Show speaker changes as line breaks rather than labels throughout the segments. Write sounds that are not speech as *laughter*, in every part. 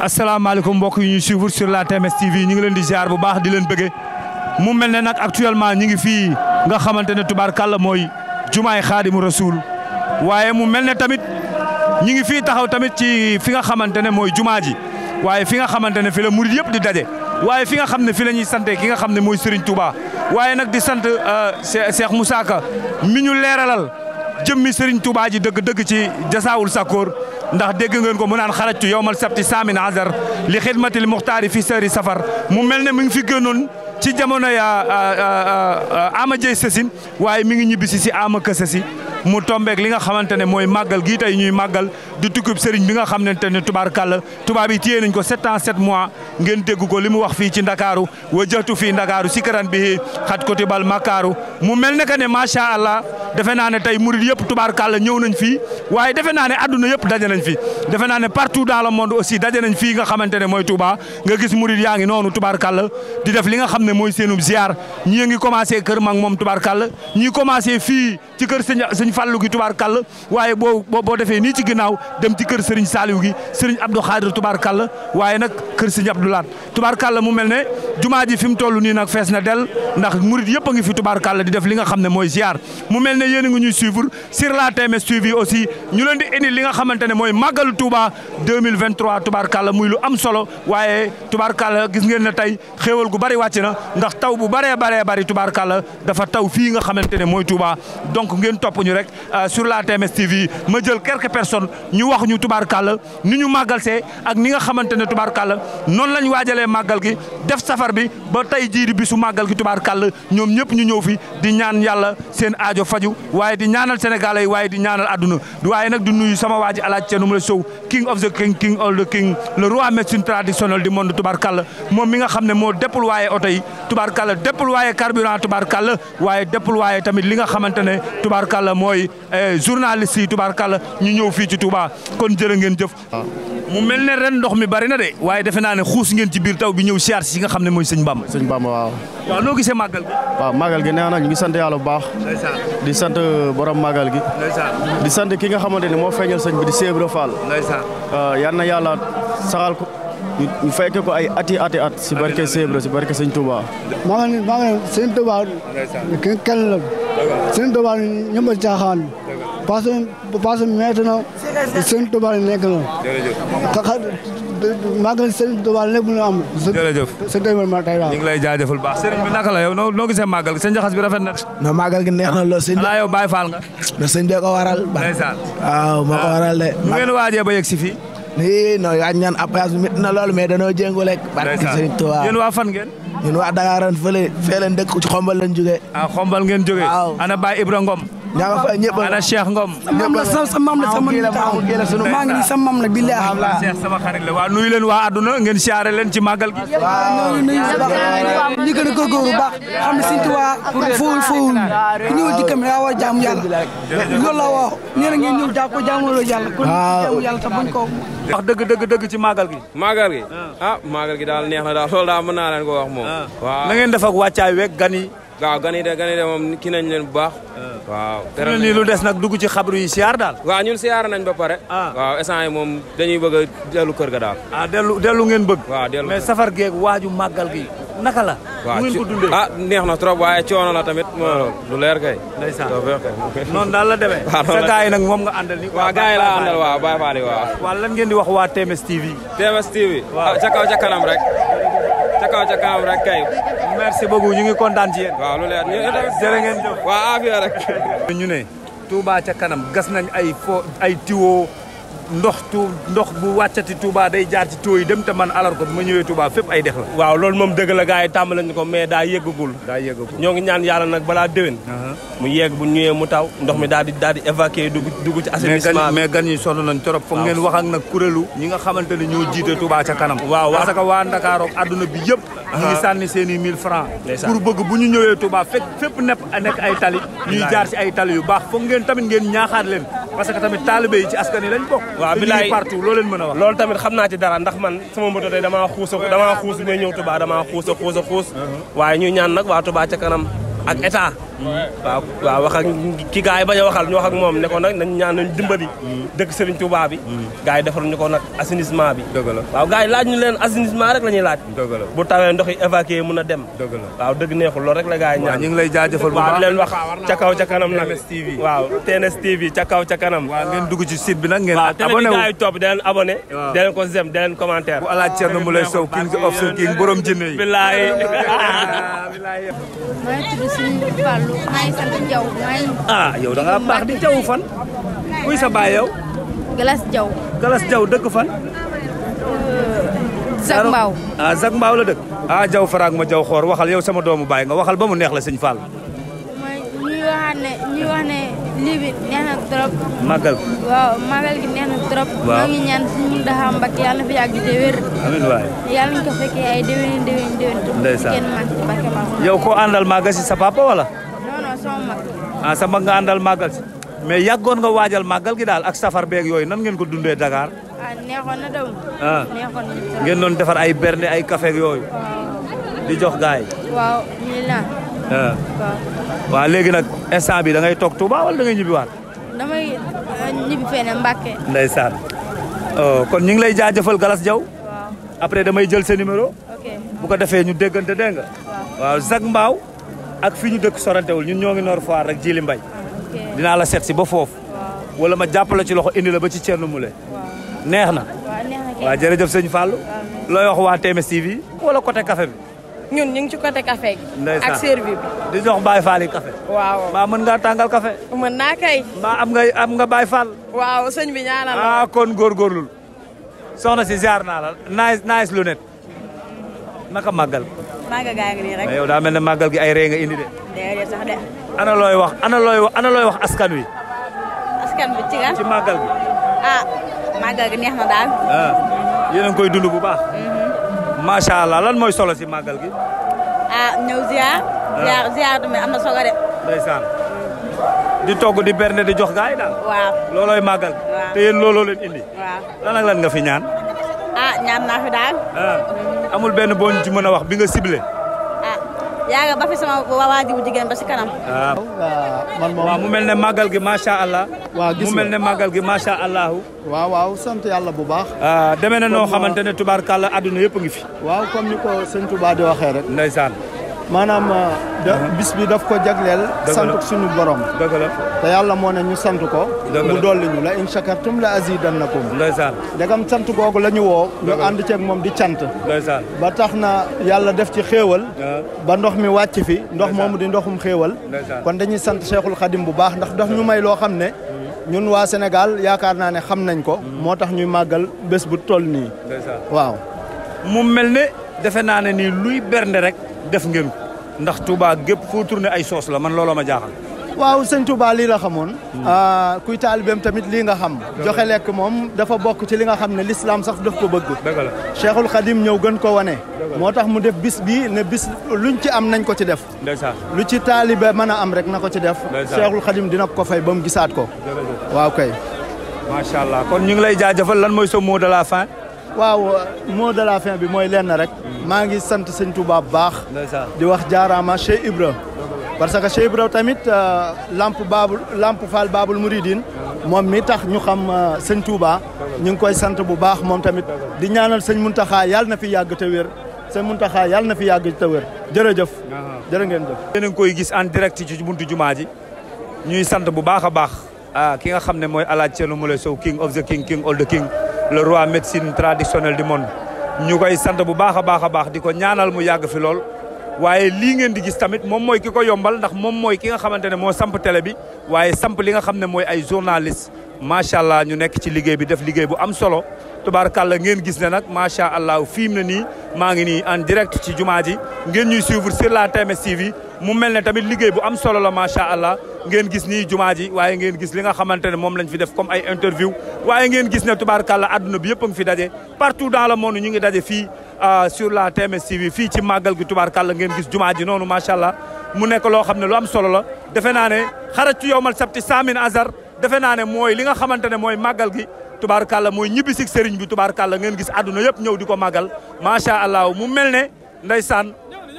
asalaamaaleykum mbokk yi ñu suivre sur la TMS TV ñu ngi leen di ziar bu baax di leen bëggee mu mel ne nag actuellement ñu ngi fii nga xamante ne tubaarkàlla mooy jumaay xaadimu rasuul waaye mu mel ne tamit ñi ngi fii taxaw tamit ci fi nga xamante ne mooy jumaa ji waaye fi nga xamante ne fi la murid yëpp di daje waaye fi nga xam ne fi la ñuy sante ki nga xam ne mooy Serigne Touba waaye nag di sant euh, Cheikh Moussa Ka mi ñu leeralal jëmmi Serigne tubaa ji dëgg-dëgg ci jasaawul sakkoor ndax dégg ngeen ko mu naan xarajtu yowmal sabti saamin azar li xidmatil muxtaari fi sëri safar mu mel ne mi ngi fi gënoon ci jamono ya euh, euh, ama jëy sësin waaye mi ngi ñibbisi si ama ka mu tombeek li nga xamante ne mooy màggal gii tey ñuy màggal di tukkib sëriñ bi nga xamante ne tubaarkàlla tubaab yi téye nañ ko sept ans sept mois ngeen dégg ko li mu wax fii ci ndakaaru wa jëtu fii ndakaaru sikaran bi xat ko tibal makaaru mu mel ne que ne macha allah defe naa ne tey murid yëpp tubaarkàlla ñëw nañ fi waaye defe naa ne adduna yëpp daje nañ fi defe naa ne partout dans le monde aussi daje nañ fii nga xamante ne mooy Touba nga gis murid yaa ngi noonu tubaarkàlla di def li nga xam ne mooy seenub ziar ñii ngi commencé kër mag moom tubaarkàlla ñii sëriñ Fàllu gi tubaar waaye boo boo defee nii ci ginnaaw dem ci kër sëriñ Saaliw gi sëriñ Abdou Xaadir tubaar kàll waaye nag kër sëriñ du Laat tubaar kàll mu mel ne jumaa ji fi mu toll nii nag fees na del ndax murit yëpp a ngi fi tubaarkàlla di def li nga xam ne mooy ziar mu mel ne yéen a ngi ñuy suivre sur la TMS TV aussi ñu leen di indi li nga xamante ne mooy màggalu Touba 2023 tubaarkàlla muy lu am solo waaye tubaar tubaarkàlla gis ngeen ne tey xéewal gu bari wàcc na ndax taw bu baree baree bari tubaar tubaarkàlla dafa taw fii nga xamante ne mooy Touba donc ngeen topp ñu rek euh, sur la TMS TV ma jël quelques personnes ñu wax ñu tubaarkàlla ni ñu màggal see ak ni nga xamante ne tubaarkàlla noonu lañ waajalee màggal gi feebar bi ba tey jii di bisu màggal gi tubaar kàll ñoom ñëpp ñu ñëw fi di ñaan yàlla seen aajo faju waaye di ñaanal sénégalais waaye di ñaanal àdduna waaye nag di nuyu sama waa ji alaaj Thierno Moule Sow king of the king king of the king le roi médecine traditionnelle du monde tubaar kàll moom mi nga xam ne moo déployé oto yi tubaar kàll déployé carburant tubaar kàll waaye déployé tamit li nga xamante ne tubaar kàll mooy eh, journaliste yi ah. na de waaye defe naa ne xuus ngeen ci biir taw bi ñëw siyaar si muy sëñ Bamba. sëñ Bamba waaw. waaw noo gisee màggal gi. waaw
na ñu ngi sant yàlla bu baax. di sant borom màggal gi. di sant ki nga xamante ni moo feeñal sëñ bi di Cheikh Ibra Fall. Euh, yal na yàlla saxal ko ñu fekke ko ay ati ati at si barke Cheikh Ibra si barke sëñ Touba. maa ngi maa ngi sëñ Touba. kenn la. a parce que parce que maintenant sëñ Tuubaa nekk na. jërëjëf màggal sëñ Tuubaa lépp lu am. jërëjëf sëñ Tuubaa ma tey daal. ñu ngi
lay jaajëfal baax sëriñ bi naka la yow noo gisee màggal gi sëñ jaxas bi rafet na. non màggal gi neex na lool sëñ. ala yow Baay Faal nga. ne sëñ de ko waral. ndeysaan waaw moo ko ah. waral de. mu ngeen waajee ba yegg si fii. nii non yaa ñaan appuyage bi métti na lool mais danoo jéngu lekk. barke sëriñ Tuubaa yéen waa fan ngeen. ñun waa Dakar fële fee leen dëkk ci xombal leen jógee. ah xombal ngeen jógee. waaw ana Baye Ibra Ngom ñaa nga fay ñëpp ala Cheikh Ngom ñëpp la sa mam la sama maa ngi ni sa mam la billahi Cheikh sama la waa nuyu leen waa àdduna ngeen siyaare leen ci màggal gi waaw nuyu baax xam ne Sëriñ Tuubaa fowul fowul a jaamu la wax nee na ngeen ñëw jàpp ko jaamu yàlla kon jaamu yàlla te bañ ko wax dëgg dëgg dëgg ci màggal gi màggal gi ah, ah gi daal neex na daal loolu daal mën naa leen ko wax moom ah. waaw na ngeen def ak wàccaay weeg gan yi yi de gan yi de moom kii nañ leen bu baax ah. waaw teral nii lu des nag dugg ci xabru yi siyaar daal waaw ñun siyaar nañ ba pare ah. waaw instant yi moom dañuy bëgg a dellu kër ga daal ah dellu dellu ngeen bëgg waaw mais safar geeg waaju màggal gi naka la waaw ngeen ko ah neex na trop waa coono la tamit ah. lu leer kay ndeysaan noonu daal la demee *laughs* sa gars yi nag moom nga àndal ni waaw gars yi laa àndal waaw Baye Fall yi lan ngeen di wax waa TMS TV TMS TV ah, ca kaw ca kanam rek ca kaw rek kay merci beaucoup ñu ngi kontaan ci yéen. waaw lu leer jërë ngeen jëf. waaw *laughs* ñu ne. Touba ca kanam gas nañ ay fo ay tiwo. ndox tu ndox bu wàccati Touba day jaar ci taux yi dem te man alar ko bu ma ñëwee Touba fépp ay dex waaw loolu moom dëgg la gars yi tàmbali nañu ko mais daa yëggagul. daa ñoo ngi ñaan yàlla nag balaa déwén. Uh-huh. mu yegg bu ñëwee mu taw ndox mi daal di daal di évacuer dugg dugg ci assainissement mais gan yi sonn nañ trop. foog ngeen wax ak nag kuréelu. ñi nga xamante ne ñoo jiite Touba ca kanam. waaw que waa Ndakaaru àdduna bi yëpp. ñu ngi uh-huh. sànni seen i 1000 francs pour bëgg bu ñu ñëwee Touba fekk fépp nepp nekk ay tali ñuy jaar ci ay tali yu baax foog ngeen tamit ngeen ñaaxaat leen parce que tamit taalibe yi ci askan yi lañ bokk. waaw bilaay a wax. loolu tamit xam naa ci dara ndax man sama moto tey damaa xuus a damaa xuus bi may ñëw Touba damaa xuus a xuus a xuus. Uh-huh. waaye ñu ñaan nag waa Touba ca kanam ak état. waaw waaw wax ak ki gars yi bañ a waxal ñu wax ak moom ne ko na nañ ñaan nañ dimbali dëkk Serigne Touba bi gars yi defar ñu ko nag assainissement bi dëgg la waaw gars laaj ñu leen assainissement rek la ñuy laaj dëgg la bu tawee ndox yi évacuer mën a dem dëgg la waaw dëgg neexul loolu rek la gars yi ñu ngi lay jaajëfal bu baax leen wax ca kaw ca kanam nag waaw TNS TV ca kaw ca kanam waaw ngeen dugg ci site bi nag ngeen abonné waaw gars yi topp daleen abonné daleen ko zem daleen commentaire bu alaaj Thierno Moulay Sow king of king borom jinne yi *laughs* maa ngi sant Diaw may ah yow da nga baax di Diaw fan. kuy sa baay yow. Galas Diaw. Galas Diaw dëkk fan.
Zak
Mbaaw la dëkk. ah Diaw faraag ma Diaw xoor waxal yow sama doomu baay nga waxal ba mu neex la sëñ Fall.
mooy ñuy wax ne neex na trop. màggal waaw gi neex na trop. waaw ngi ñaan suñu Muntaxa Mbakke yàlla na fi yàgg te wér. amiin waay yàlla na ko fekkee ay déwén déwén déwén. ndeysaan kenn màgg ci barke
yow ko àndal màggal sa papa wala.
ah
sa mag nga àndal màggal mais yàggoon nga waajal màggal gi daal ak safar beeg yooyu nan ngeen ko dundee Dakar.
ah neexoon na daw. Ah. ngeen doon defar
ay berne ay café yooyu. di jox gaay yi.
waaw ñu naan.
Ah. waaw waaw léegi nag instant bi da ngay toog Touba wala da ngay ñibbiwaat.
damay ah, ñibbi feneen Mbàkke.
ndeysaan oh, kon ñu ngi lay jaajëfal Galas jaw waaw après damay jël sa numéro. bu ko defee ñu déggante dégg nga. waaw Zac Mbao. ak fi ñu dëkk sorantewul ñun ñoo ngi noor foire rek jili mbay dinaa la seet si ba foofu wala ma jàpp la ci loxo indi la ba ci Thierno Moule neex na waaw jërëjëf sëñ Fallou looy wax waa TMS TV wala côté café bi ñun ñu ngi ci kote café gi ak servi bi di jox Baye Fall yi café mën ngaa tàngal kafe mën naa kay mbaa am nga am nga Baye Fall waaw sëñ bi ñaanal ah kon góorgóorlul soxna si ziar naa la nice naka màggal màggal gaa ngi nii rek. mais yow daa mel gi ay ree nga indi de. ana looy wax askan wi. askan bi ci gan ci màggal bi.
ah gi neex na daal.
ah koy dund bu baax. Mhm. macha allah lan mooy solo si màggal gi. ah ñëw ziar. Ah. ziar ziar tamit am na solo de. ndeysaan mm. di togg di berne di jox gaay daal. loolooy màggal. waaw te yéen looloo indi. waaw lan nga fi ñaan. ñaan naa fi daal. Ah, amul benn boo ñu ci mën a wax bi nga ciblé. ah ba fi sama waajur jigéen ba si kanam. Ah. Ah, mu mel ne màggal gi macha allah. gis mu mel ne màggal gi macha allah.
waaw waaw sant yàlla bu baax.
demee na noo xamante euh, ne tubaarkàlla àdduna yëpp ngi fi. waaw comme ni ko sëñ Touba di waxee rek. ndeysaan. maanaam euh, uh-huh. bis bi
daf ko jagleel sant suñu borom dëgg te yàlla moo ne ñu sant ko mu dolli ñu la in shakartum la azidannakum ndeysaan ndegam sant googu la ñu woo ñu ànd ceeg moom di sant ndeysaan ba tax na yàlla def ci xéewal uh-huh. ba ndox mi wàcc fi ndox moomu di ndoxum xéewal kon dañuy sant Cheikhul Khadim bu baax ndax daf ñu may loo xam ne mm-hmm. ñun waa Sénégal
yaakaar naa ne xam nañ ko mm-hmm. moo tax ñuy màggal bés bu toll nii waaw mu mel ne defe naa ne nii luy bernde rek def ngeen ndax Touba gépp foo tourné ay soos la man looloo ma jaaxal.
waaw sëñ Touba lii la xamoon. Hmm. Ah, kuy taalibeem tamit lii nga xam. joxe lekk moom dafa bokk ci li nga xam ne lislaam sax daf ko bëgg. dëgg la Cheikhul Khadim ñëw gën ko wane. moo tax mu def bis bi ne bis luñ ci am nañ ko ci def. lu ci taalibe mën a am rek na ko ci def. Cheikhul Khadim dina ko fay ba mu gisaat ko. waaw kay.
macha allah kon ñu ngi lay jaajëfal lan mooy sa mot de la fin.
waaw mot de la fin bi mooy lenn rek. maa ngi sant sëñ Touba bu baax. di wax jaaraama Cheikh Ibra. parce que Cheikh Ibra tamit euh, lamp baabul lamp Fall baabul Mouridine. moom mi tax ñu xam euh, sëñ Touba. ñu ngi koy sant bu baax moom tamit. di ñaanal sëñ Mountakha yàlla na fi yàgg te wér. sëñ Mountakha yàlla na fi yàgg te wér jërëjëf. Uh-huh. jërë ngeen jëf.
yéen a koy gis en direct ci buntu jumaa ji. ñuy sant bu baax a baax. ah ki nga xam ne mooy El Hadj Thierno Moule Sow king of the king king all king. le roi médecine traditionnelle du monde ñu koy sant bu baax a baax a baax di ko ñaanal mu yàgg fi lool waaye lii ngeen di gis tamit moom mooy ki ko yombal ndax moom mooy ki nga xamante ne moo samp tele bi waaye samp li nga xam ne mooy ay journaliste macha allah ñu nekk ci liggéey bi def liggéey bu am solo tubaarkàlla ngeen gis ne nag macha allah fii mu ne nii maa ngi nii en direct ci jumaa ji ngeen ñuy suivre sur la TMS TV mu mel ne tamit liggéey bu am solo la allah ngeen gis nii jumaa ji waaye ngeen gis li nga xamante ne moom lañ fi def comme ay interview waaye ngeen gis ne tubaarkàlla àdduna bi yëpp a fi daje partout dans le monde ñu ngi daje fii euh, sur la TMS TV fii ci màggal gi tubaar tubaarkàlla ngeen gis jumaa ji noonu macha allah mu nekk loo xam ne lu am solo la defe naa ne xaraj ci yowmal sabti saamin azar defe naa ne mooy li nga xamante ne mooy màggal gi kalla mooy ñibbi si sëriñ bi tubaarkàlla ngeen gis àdduna yëpp ñëw di ko màggal macha allah mu mel ne ndeysaan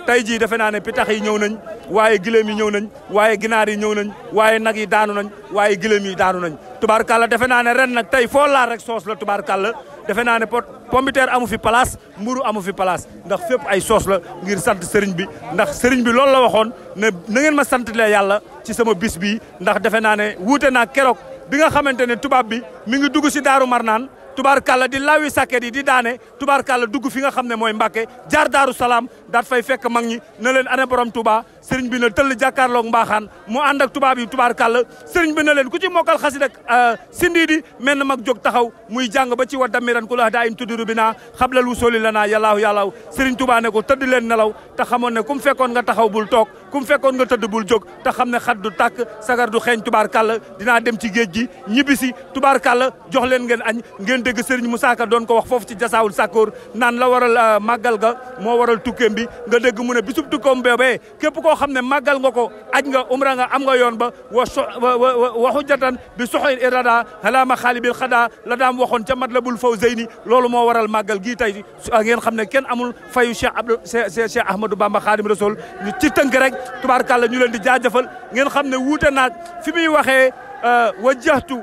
tey jii defe naa ne pitax yi ñëw nañ waaye giléem yi ñëw nañ waaye ginaar yi ñëw nañ waaye nag yi daanu nañ waaye giléem yi daanu nañ tubaar tubaarkàlla defe naa ne ren nag tey foo laal rek soos la tubaar tubaarkàlla defe naa ne pot pombiteer amu fi place mburu amu fi place ndax fépp ay soos la ngir sant sëriñ bi ndax sëriñ bi loolu la waxoon ne na ngeen ma sant le yàlla ci sama bis bi ndax defe naa ne wuute naa keroog bi nga xamante ne tubaab bi mi ngi dugg si daaru marnaan tubaarkàlla di lawi sàkket yi di daane tubaar tubaarkàlla dugg fi nga xam ne mooy Mbàkke jaar daaru salaam daat fay fekk mag ñi na leen ana borom Touba sëriñ bi na tëll jàkkaarloog mbaaxaan mu ànd tubaab yi tubaar kàll sëriñ bi na leen ku ci mokkal xasida ak euh, sindii di mel na mag jog taxaw muy jàng ba ci wa damiran ku la daa im tuddiru bi naa xablal wusooli la naa yàllaahu yàllaahu sëriñ tubaa ne ko tëdd leen nelaw te xamoon ne ku mu fekkoon nga taxaw bul toog ku mu fekkoon nga tëdd bul jog te xam ne xat du tàkk sagar du xeeñ tubaar kàll dinaa dem ci géej gi ñibbisi tubaar kàll jox leen ngeen añ ngeen dégg sëriñ Moussa doon ko wax foofu ci jasaawul sàkkoor naan la waral euh, màggal ga moo waral tukkeem bi nga dégg mu ne bisub tukkoom boobee ko koo xam ne màggal nga ko aj nga umra nga am nga yoon ba wa so waxu jatan bi soxoy irada xalaama xaalibil xadaa la daam waxoon ca matlabul fawzayni loolu moo waral màggal gii tey ah, ngeen xam ne kenn amul fayu Cheikh Abdou Cheikh Ahmadou Bamba Xaadim Rasul ci tënk rek tubaarkàlla ñu leen di jaajëfal ngeen xam ne wuute naag fi muy waxee euh, wajjahtu